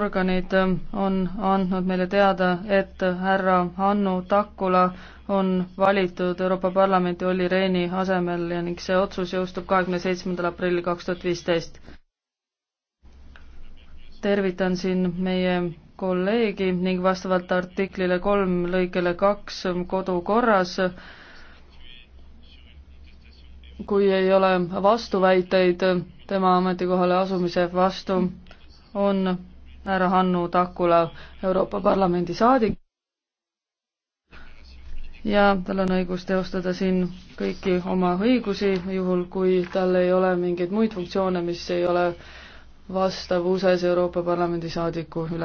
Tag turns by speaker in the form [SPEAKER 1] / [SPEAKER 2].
[SPEAKER 1] organid ähm, on andnud meile teada, et härra Hannu Takula on valitud Euroopa Parlamenti Olli Rehni asemel ja ning see otsus jõustub kahekümne seitsmendal aprillil kaks tuhat viisteist. tervitan siin meie kolleegi ning vastavalt artiklile kolm lõikele kaks kodukorras kui ei ole vastuväiteid tema ametikohale asumise vastu, on härra Hannu Takula, Euroopa Parlamendi saadik. ja tal on õigus teostada siin kõiki oma õigusi, juhul kui tal ei ole mingeid muid funktsioone, mis ei ole vastavuses Euroopa Parlamendi
[SPEAKER 2] saadiku üle-.